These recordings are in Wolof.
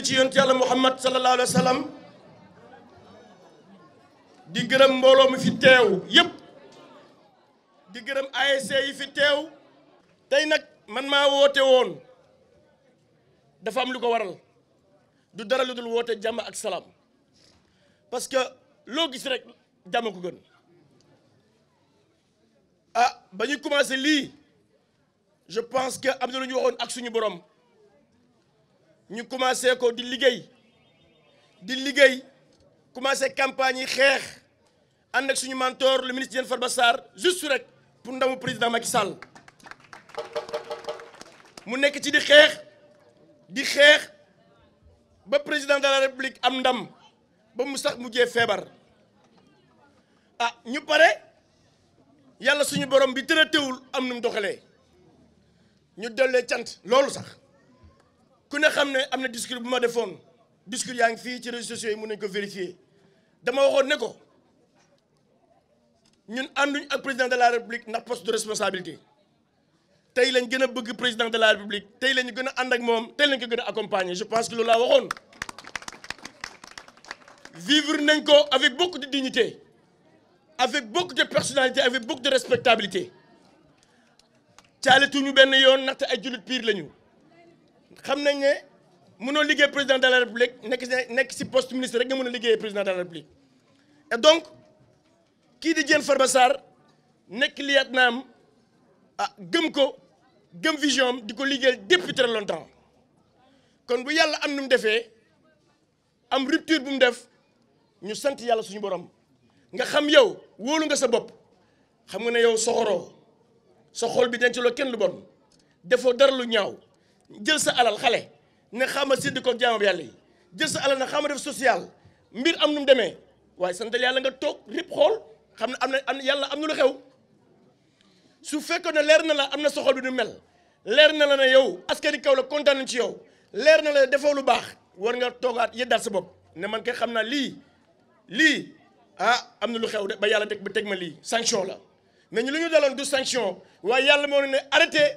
julli ci yonent yàlla muhammad sallallahu alayhi wa sallam di gërëm mbooloo mi fi teew yëpp di gërëm ASC yi fi teew tey nag man maa woote woon dafa am lu ko waral du dara lu dul woote jàmm ak salaam parce que loo gis rek jàmm ko gën ah ba ñu commencé lii je pense que am na lu ñu waxoon ak suñu borom ñu commencé ko di liggéey di liggéey commencé campagne yi xeex ànd ak suñu mentor le ministre Diène Farba Sarr juste rek pour ndamu président Macky Sall mu nekk ci di xeex di xeex ba président de la république am ndam ba mu sax mujjee feebar ah ñu pare yàlla suñu borom bi tëra teewul am nu mu doxalee ñu dellee cant loolu sax nous ne xam discours qui ma discours réseaux sociaux yi président de la république le poste de responsabilité Aujourd'hui, nous président de la république Aujourd'hui, lañu sommes a ak nous je pense que c'est ça. vivre avec beaucoup de dignité avec beaucoup de personnalité avec beaucoup de respectabilité tous les nous ay tous pire lañu xam nañ ne mënoo président de la république nekk si nekk poste ministre rek nga mën a président de la république et donc kii di Diène Farba Sarr nekk liyaat naam ah gëm ko gëm vision am di ko liggéeyal depuis très longtemps kon bu yalla am nu mu am rupture bu mu def ñu sant yalla suñu borom nga xam yow wolu nga sa bop xam nga ne yow soxoro sa xol bi denc loo kenn lu bon defoo dara lu ñaaw jël sa alal xalé ne xama sidi ko jamm yalla yi jël sa alal na xama def social mbir am nu mu way waaye santal yàlla nga tok rip xol xamna amna amna yalla amna lu xew su fekkoon ne lerr na la amna soxol bi nu mel lerr na la ne yow askari kaw la contane ci yow lerr na la defoo lu bax war nga toogaat yeddaat sa bop ne man kay xamna li li ah amna lu xew ba yalla tek ba tek ma li sanction la mais ñu lu ñu dalon du sanction way yalla mo ne ne arrêté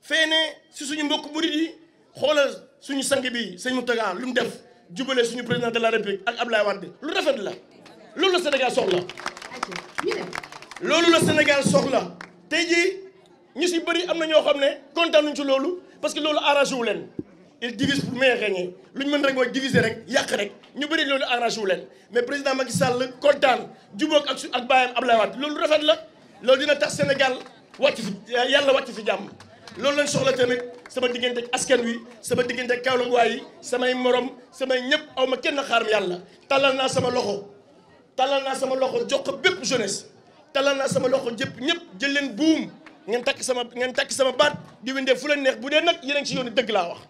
feene si suñu mbokk murid yi xoola suñu sang bi sëñ Mountakha lu mu def jubale suñu président de la république ak Abdoulaye Wade lu rafet la loolu la Sénégal soxla loolu la Sénégal soxla tey jii ñu si bëri am na ñoo xam ne kontaanuñ ci loolu parce que loolu arrangé wu leen il divise lu ñu mën rek mooy diviser rek yàq rek ñu bëri loolu arrangé wu leen mais président Macky Sall kontaan jubóog ak su ak baayam Abdoulaye Wade loolu rafet la loolu dina tax Sénégal wàcc fi yàlla wàcc fi jàmm loolu lañ soxla tamit sama diggante askan wi sama diggante Kaolack samay moroom samay ñëpp aw ma kenn xaaram yàlla tàllal naa sama loxo tallal naa sama loxo jox ko bépp jeunesse tallal naa sama loxo jëpp ñëpp jël leen buum ngeen takk sama ngeen takk sama baat di windee fu leen neex bu dee nag yéen ci yoonu dëgg laa wax.